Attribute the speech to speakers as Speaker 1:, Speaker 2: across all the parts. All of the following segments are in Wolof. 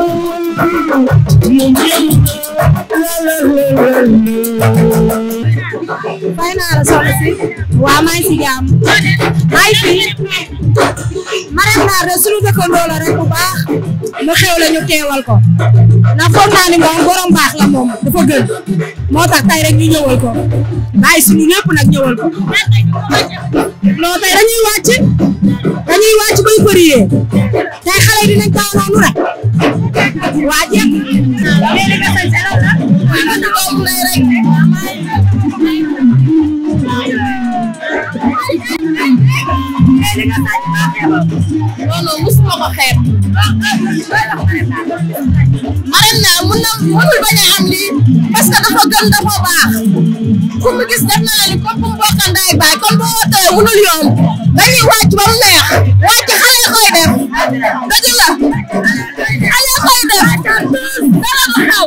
Speaker 1: Thank you. soxna si
Speaker 2: waaw maa ngi si jàmm maa ngi fi Mariam Naar de sunu dëkkandoo la rek bu baax mu xew la ñu teewal ko ndax foog naa ni moom borom baax la moom dafa gën moo tax tey rek ñu ñëwal ko bàyyi sunu lépp nag ñëwal ko non tey dañuy wàcc dañuy wàcc bay përiyee tey xale yi dinañ taw noonu rek
Speaker 1: waa jéem léeg-léeg nga sañ sa rek non non mosuma ko xeeb.
Speaker 2: Marème Niang mun na mënul bañ a am lii parce que dafa gën dafa baax ku mu gis def na la ni comme fu mu bokk ndaay baay kon boo wootee dañuy wàcc ba mu neex wàcc xale koy def dëgg la xale
Speaker 1: koy def dara du xaw.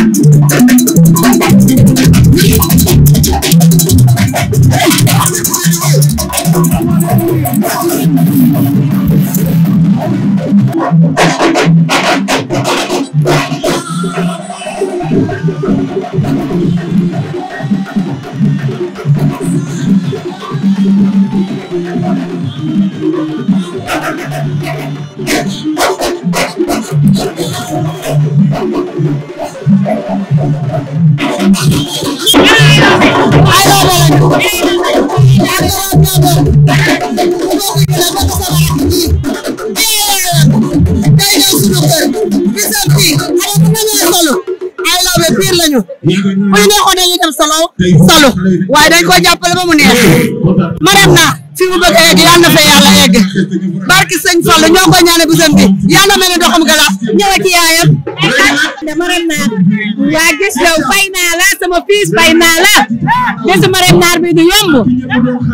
Speaker 1: ay robo lañ ay robo piir lañu bu ñu neexoon
Speaker 2: dañuy dem solo solo waaye dañ ko jàppale ba mu neex ma dem naa fi mu bëgg a egg yal na fa yàlla egg barki sëñ Fall ñoo ko ñaanal bisam bi yal na mel ne doxam galaas ñëwa ci yaayam. dama ren naar waa gis yow fay naa la sama fiis fay naa la bésu mareem naar bi du yomb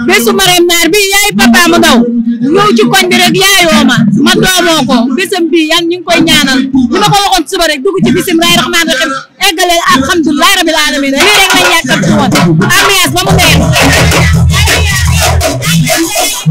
Speaker 2: bésu mareem naar bi yaay papa mu daw ñëw ci koñ bi rek yaayoo ma ma doomoo ko bisam bi yan ñu ngi koy ñaanal li ma ko waxoon suba rek dugg ci bisim raay rahmaan rahim eggalee alhamdulilah rabil alamin lii rek lañ yàgg ci woon ambiance ba mu neex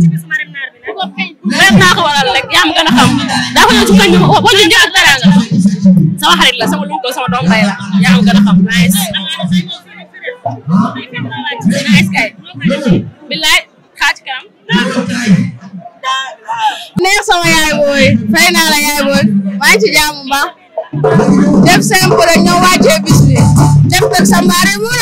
Speaker 1: def naa ko waral rek yaa ma gën a xam daa ko ñëw ci kañ bi wax wala njëkk ak
Speaker 2: teraanga sama xarit la sama lunko sama doom bay la yaa ma gën a xam nice nice kay billaay xaaj kanam neex sama yaay booy fay naa la yaay booy maa ngi ci jàmm ba def simple rek ñoo wàccee bis bi def def sa mbaare mu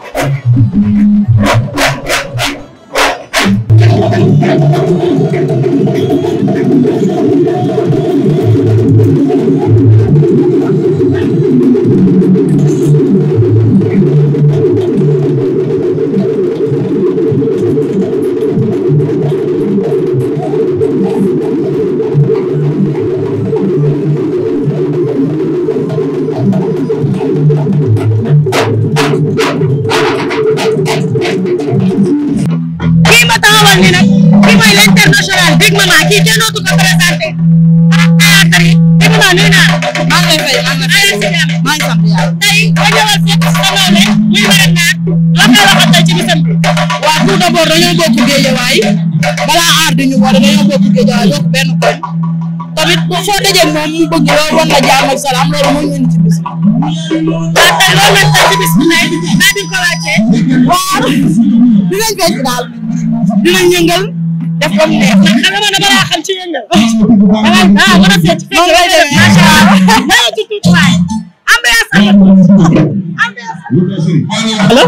Speaker 1: tey boo ñëwal fekk sa nawle muy Marème Naar lan nga waxal tey
Speaker 2: ci bisam bi. waaw tout d'abord dañoo bokk géejewaay balaa aar di ñu woo dañoo bokk géejewaay yokk benn koñ tamit boo foo dajee moom mu bëgg loolu war na jaam ak salaam loolu moo ñu indi ci bis. waaw tey loolu lañ tey ci bis bi tey naa di ko wàccee. waaw dinañ fecc daal dinañ yëngal def ko mu neex. ndax xam nga man balaa
Speaker 1: xam ci yëngal. waaw war a fecc fecc. moom lay demee macha allah.
Speaker 2: allo.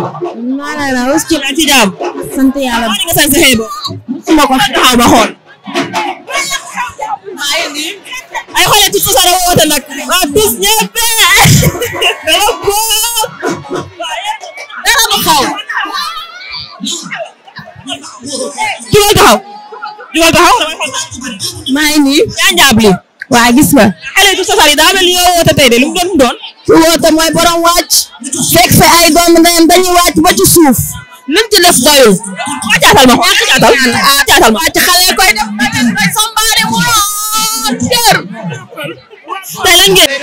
Speaker 2: maanaam la wës. ci jàmm. sant yàlla. maa ngi ko sant xëy ba. suma ko taxaw ba xool. ay xoolal ci Soso la woote nag. waa bis ñëpp.
Speaker 1: dara ko. dara ko xaw. jugal taxaw.
Speaker 2: jugal taxaw. maa ngi nii. yaa njaab li. waa gis nga. xale ci Soso yi daa mel ni yow woote tey de lu mu doon doon. ki woote mooy borom wàcc fekk fa ay doomu ndeyam dañuy wàcc ba ci suuf lim ci def doyul waa caatal ma waa caatal ah caatal ma wàcc xale def
Speaker 1: koy sombaari mo ter tey
Speaker 2: lan ngeen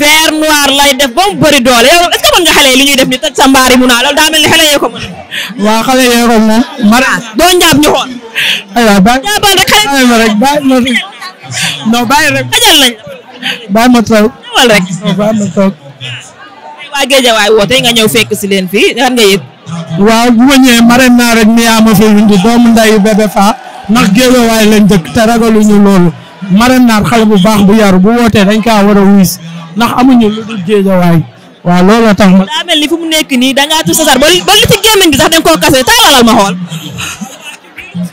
Speaker 2: vert noir lay def ba mu bëri doole yow est-ce que mën nga xale yi li ñuy def ni tëj sa mbaari mu naa loolu daa ni xale yee ko mën xale yee ko mën mara doo njaab ñu xool aywa bàyyi jaabal rek xale ma rek bàyyi ma non bàyyi rek ajal nañ bàyyi ma taw toogal rek. waaw ma toog. waa Géejawaay woote nga ñëw fekk si leen fii nga yëg. waaw bu ma naa rek mi yaa ma fi indi doomu ndeyu bébé faa ndax Géejawaay lañ dëkk te ragaluñu loolu. mare naar xale bu baax bu yaru bu wootee dañ kaa war a wis ndax amuñu lu dul Géejawaay. waaw looloo tax ma. daa mel ni fu mu nekk nii da ngaa tudd Sassar ba li ci sax dañ koo kase taalalal ma xool.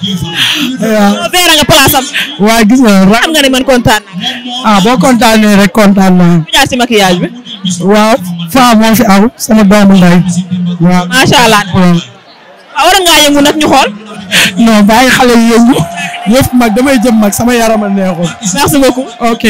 Speaker 2: waaw feere nga place am. gis nga ra. xam nga ne man kontaan naa. ah boo kontaanee rek kontaan naa. ñu jaar si maquillage bi. waaw sama doomu yëngu nag ñu xool. non bàyyi xale yi yëngu. yëf mag damay jëm mag sama yaram a neexul. merci beaucoup ok.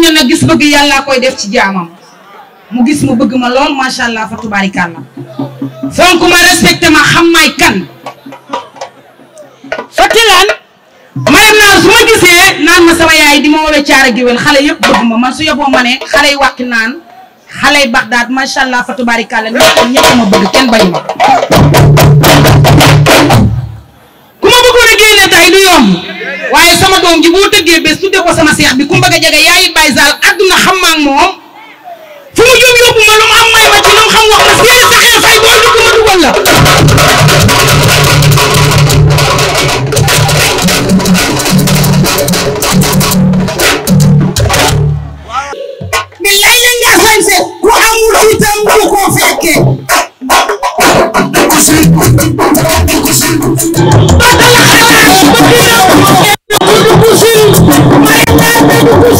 Speaker 2: ne na gis bëgg yàllaa koy def ci jaamam mu gis ma bëgg ma lool macha allah fa tubaarikàlla fonk ma respecté ma xam may kan fatti lan madame naar ma gisee naan ma sama ma woowee caara géwél xale yëpp bëgg ma man su yoboo ma ne xale yi wàkki naan xale yi bëgg kenn bañ ma doom ji boo tëggee bés tudde ko sama seex bi ku mbagg a jege yaayi Baye Sall àdduna xam ma moom fu mu jóg yóbbu ma lu mu am may ma ci lu mu xam wax ma seex saxaar fay boo dugg ma du ko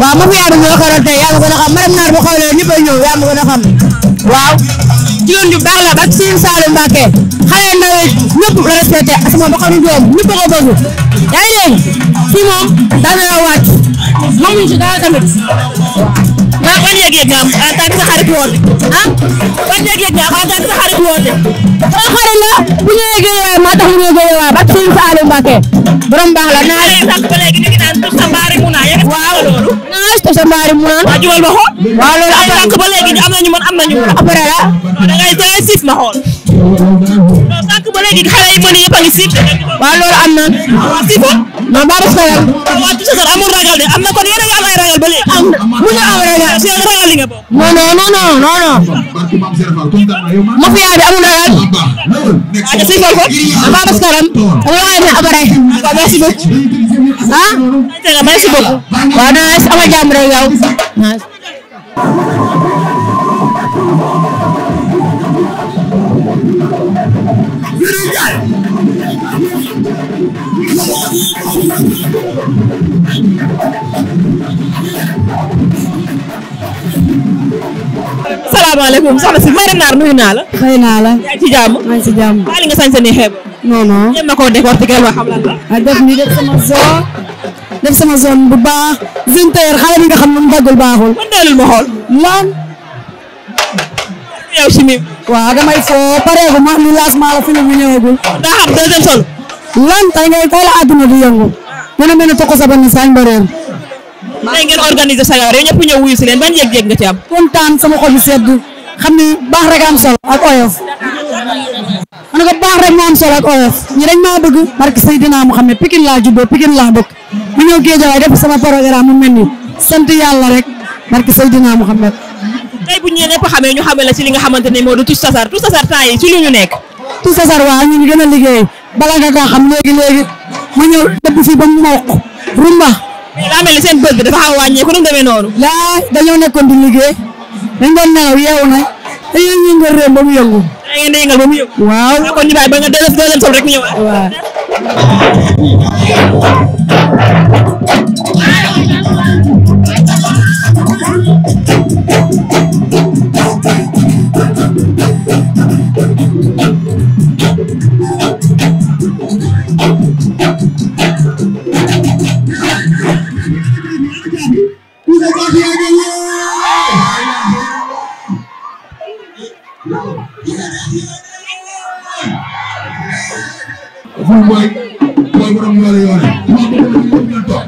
Speaker 1: waaw moom ñaari ñoo xaral tey yaa ma gën a xam madame Naar bu xoolee
Speaker 2: ñëpp a ñëw yaa ma gën a xam waaw jigéen ju baax la ak Serigne Saliou Mbacké xale ndaw yi ñëpp la respecté asama ba xam ne doom ñëpp a ko bëgg yaa ngi dégg fii moom daan na wàcc moom ñu ci dara tamit waaw ban yëg-yëg nga am en tant que sa xarit woote ah ban yëg-yëg nga am en tant que sa xarit woote sama xarit la bu ñëwee gën a waay maa tax mu ñëw gën a waay ak Serigne Saliou Mbacké borom baax la naaj. waaw naaj te sa mbaari mu naan. waaw jubal ma xool. waaw loolu après ba léegi am nañu man am nañu. après la. da ngay sif ma dëkk ba léegi xale yi fan yëpp a ngi si. waaw loolu am na. Ah, ah, waaw si fa. non boobu xelal. waaw tout ce amul ragal de am na kon yéen a ngi am ay ragal ba léegi. am na mu ñu am ragal. seen ragal li nga bokk. non non non non non non. ma fi yaay de amul ragal. waaw si nga ko. Baba Karam. amul waay dina am rek.
Speaker 1: waaw merci beaucoup. ah. merci beaucoup. Ah, waaw naa amal jàmm rek yow. salaamaaleykum soxna si Marème Ndar nuyu naa la.
Speaker 2: xëy naa la. nga sañ sa ni xeeb. non non. ñem na koo décortiquer wax xam lan la. Ah, ni def sama zone. bu baax. zone terre xale bi nga xam ne mu daggul baaxul. man dalul ma xool. lan. mi. waaw damay foo pareegu ma ni lancement la film bi ñëwagul. daa xam deuxième sol. lan tey ngay tey la àdduna di yëngu. ñu ne mel ne Toko Sabane Sagne tey ngeen organiser sa yore ñëpp ñëw wuyu si leen ban yëg-yëg nga ci am. kontaan sama xol bi sedd xam ni baax rek am solo ak oyof.
Speaker 1: ma ne ko baax rek moo
Speaker 2: am solo ak oyof ñi dañ maa bëgg barke Seydina Muhammad Pikine laa juddoo Pikine laa bokk mu ñëw Géejawaay def sama programme mu mel ni yàlla rek barke Seydina Muhammad tey bu ñu ñëwee ñëpp xamee ñu xamee la ci li nga xamante ne moo du Touche Tasar Touche Tasar yi ñu nekk. Touche Tasar waaw ñu ngi gën a liggéey bala nga koo xam léegi léegi ma ñëw dëbb fii ba mu mokk rumba mais daa mel ni seen bës bi dafa xaw a wàññeeku nekkoon di liggéey dañ doon nelaw yeewu nañ dañoo yëngal réew ba mu waaw kon ñu bàyyi ba nga déllu déllu sol rek
Speaker 1: bul booy booy
Speaker 2: borom yoore yoore wax nga ko ñëpp ñu toog.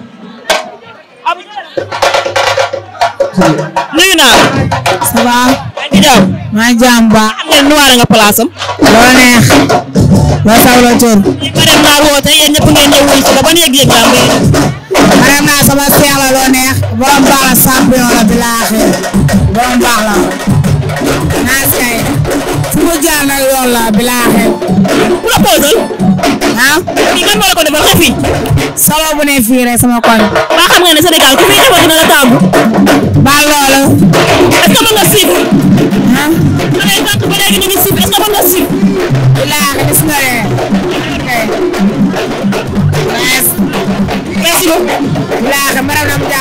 Speaker 2: nuyu naa la. ça va. maa ngi jàmm. maa ngi jàmm ba. am ngeen nuwaare nga place am. loo neex. loo saw loo cóor. lii madame Naar woote yéen ñëpp ngeen ñëw wuyu si la ban yëg-yëg la am ngay def. madame Naar sama seex la loo neex. borom baax la champion la bi laaxee. borom baax la. naas kay. fu mu jaar nag yoon la bi laaxee. ku la posal. ah. lii kan ko defal xafi. sama bu ne fii sama koñ. ba nga ne Sénégal ku muy defal dina la taamu. ba loolu. est-ce que mën nga siif. ah. ma lay fàq ba léegi ñu ngi
Speaker 1: siif est-ce que mën nga siif. wallaahi gis nga de. merci beaucoup. wallaahi maram na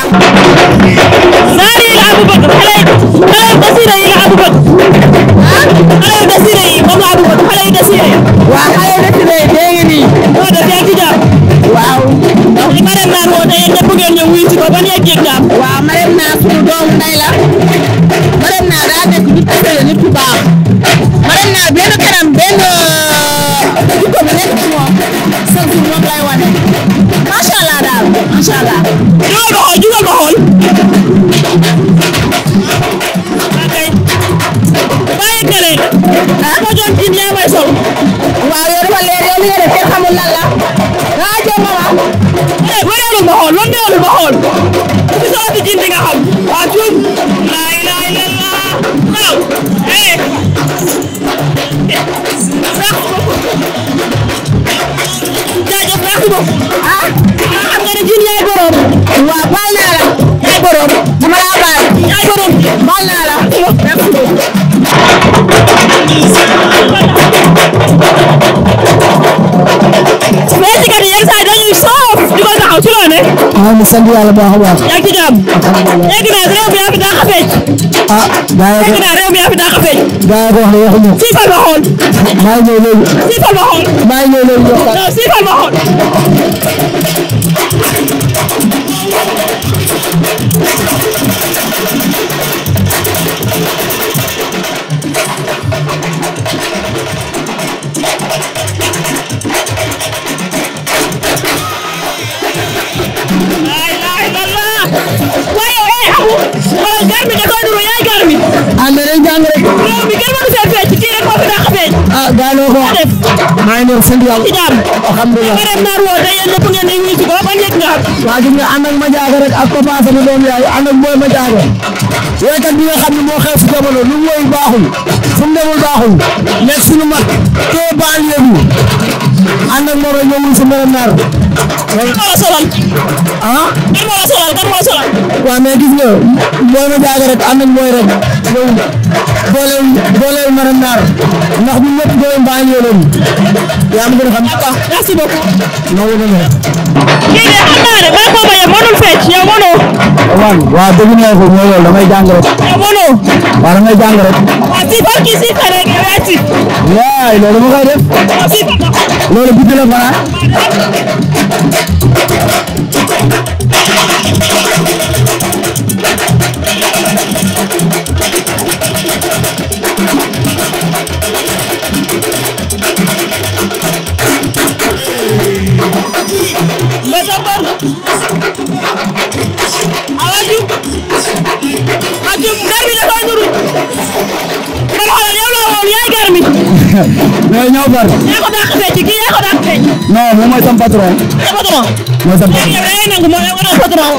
Speaker 2: maa ngi sant yàlla baax a baax. yaa ngi ci jàmm. léegi nag réew mi yaa fi dàq a fecc. ah daa yaa léegi nag réew mi yaa fi dàq a fecc. daa yaa ko wax ne waxuñu. siifal ma
Speaker 1: xool. maa ngi ñëw léegi. siifal ma xool. maa ngi ñëw léegi. non siifal ma xool.
Speaker 2: sant yàlla ci jàmm alhamdulilah ngeen naar woo tey yéen ñëpp ngeen di wuyu si ko ba njëkk nga am waa gis nga ànd ak ma jaaga rek ak papa sama doom yaay ànd ma jaaga wéykat bi nga xam ne moo xew si
Speaker 1: jamono lu kan moo la solal. ah. kan moo la solal kan moo solal. waaw mais gis nga
Speaker 2: mooy ma jaaga rek am nañ mooy rek loolu boolewul boolewul ma dem naar ndax bu ñëpp doon baa ñëw loolu yaa am gën a xam. d'accord merci beaucoup. noonu la ñu.
Speaker 1: kii de xam naa ne maa ko bañ a mënul fecc yow mënoo.
Speaker 2: waaw waaw dégg naa ko mooy loolu damay jàng rek. yow mënoo. waaw damay jàng rek. waaw
Speaker 1: si foofu si si xale rek yow yaa ci.
Speaker 2: waaw loolu ma koy def loolu buddi la fara Mas mais ñoo far. yaa ko dàq fecc kii yaa ko dàq fecc. non moom mooy sam patron. sa patron. mooy sam patron. léegi nag mooy wala patron.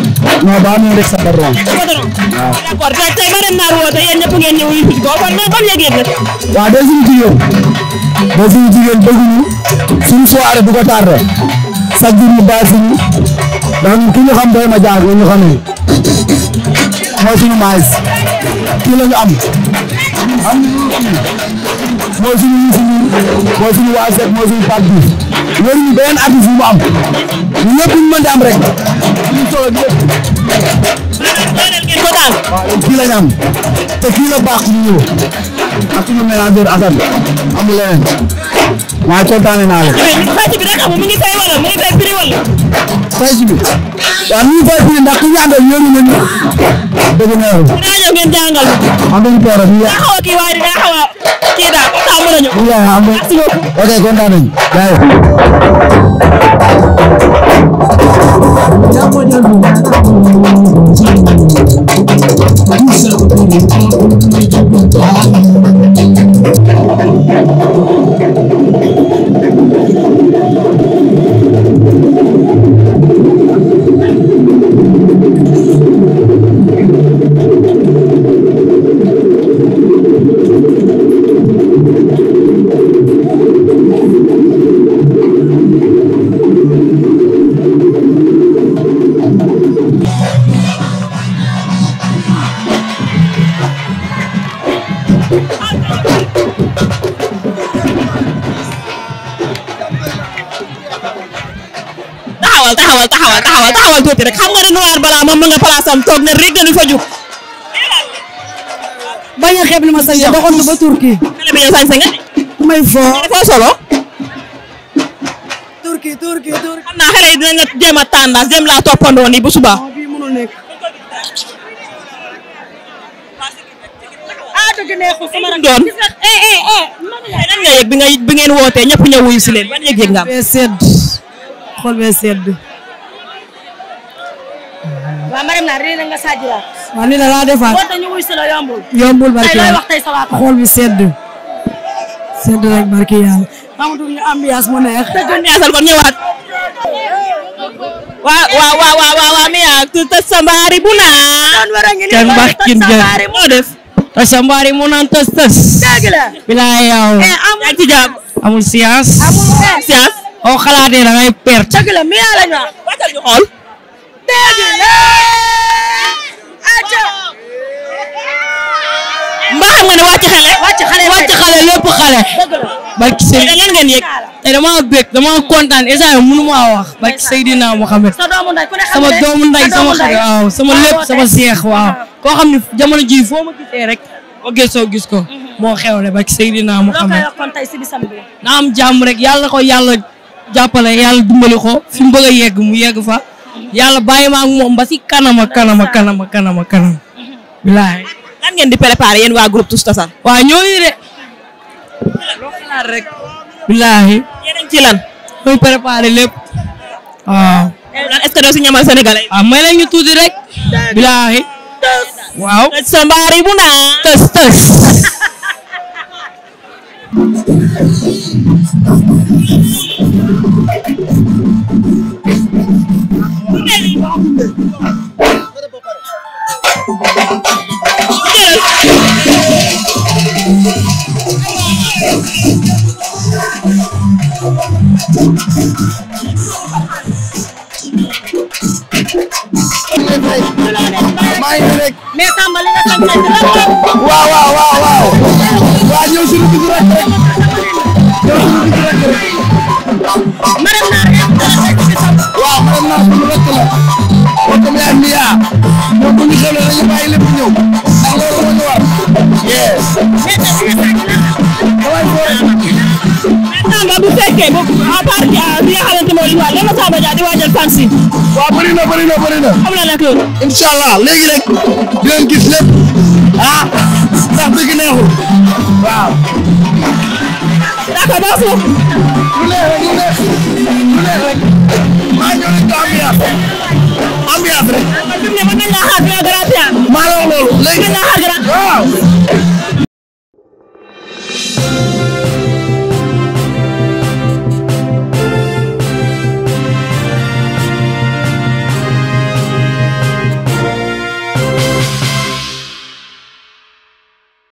Speaker 2: non ba amee rek sa patron. sa patron.
Speaker 1: waaw d'accord tey tey ba dem naar woote yéen ñëpp ngeen ñëw yusi ko kon mais comme yëgee rek.
Speaker 2: waaw day suñu jigéen.
Speaker 1: day suñu jigéen bëgguñu suñu soirée bu ko tardé. chaque jour ñu bàyyi suñu. donc ki ñu xam doy ma jaar nga ñu xamee. mooy suñu maïs. kii la ñu am. am na mooy suñu Youssou Ndour mooy suñu waa Seck mooy suñu Pape mu am rek kii la ñu te kii la baax ñu ñëw ak suñu mélangeur Assane amul leneen waaye kontaanee naa leen. mais
Speaker 2: bi rek amul mu ngi tey wala mu ngi tey prix wala.
Speaker 1: Faye bi waaw ñu Faye bi ndax ñu àndal yónni nañu dëgg naa yow. dinaa ñëw ngeen jàngal ñu. am nañu toor ak yaa xaw a kii waaye dinaa xaw a kii daal tàmm nañu. yaa am na ok kontaan nañu jaay. Thank you.
Speaker 2: rek xam nga ne noir balaa moom ma nga place toog ne rek dañu fa jug. bañ a xeeb li ma sañ nga de. solo. Turquie Turquie Turquie. naa xale yi la a tendance jéem laa toppandoo nii bu subaa. ah dëgg eh, eh, eh, bi ngay bi ñëpp ñëw yaakaar naa réer nga Sadira. waaw lii la laa defaat boo tax ñu wuy si la yombul. yombul barke yàlla tey looy wax tey sa waa xol bi sedd. sedd rek barke yàlla. Amadou ñu ambiance mu neex. te kon ñaasal kon ñëwaat.
Speaker 1: waa waa waa waa waa waa mi yaa
Speaker 2: tu tas sa mbaari bu naa. te mbax kin jër moo def. tas sa mbaari mu naan tas tas. dëgg la. bilaay yow. Eh, yaa ci jàpp. amul science. amul science. oo xalaatee da ngay perte. dëgg la mi yaa la ñu wax. xool. dégg mbaa xam nga ne wàcc xale. wàcc xale wàcc xale lépp xale. barki Seydina lan ngeen yëg. kontaan instant yii mënu maa wax. barki Seydina sama doomu nday sama xale waaw sama lépp sama seex waaw. koo xam ne jamono jii foo ma gisee rek. boo gëstoo gis ko. Mhm. moo xewle barki Seydina Mohamed. na am jàmm rek yàlla ko yàlla jàppale yàlla ko fi mu bëgg yegg mu yegg fa. yàlla bàyyi ma ak moom ba si kanama kanama kanama kanama kanam. bilaay. lan ngeen di préparé yéen waa groupe Tous Tassane. waa ñooñu de.
Speaker 1: loo xalaat rek.
Speaker 2: bilaay. yéen ci lan. muy lépp. waaw. lan que doo si ñamal sénégalais. ah may leen ñu tuuti rek. waaw. tës sa mbaari bu naa. waaw waaw waaw waaw waaw ñëw suñu dugg rek rek
Speaker 1: ñëw suñu dugg rek rek maram naa rek waaw maram naa suñu rek la otom yaa miya moom bu ñu xewle dañu bàyyi lépp ñëw ndax loolu moo ñu war yes
Speaker 2: Samba bu fekkee bu à part bi ah, nga xamante mooy li ñu wax lan la Samba Dia di waajal fan si. waaw bëri na bëri na bëri na. xam naa nag loolu. incha allah léegi rek di leen gis lépp. ah ndax dëgg neexul waaw.
Speaker 1: d'accord baax suuf. lu neex rek lu neex lu neex rek. maa
Speaker 2: ñëw rek ambiance ambiance rek. waaw man fi mu ne mën nañu laa xaar grand grand. maa la wax loolu léegi mën nañu laa xaar grand. waaw.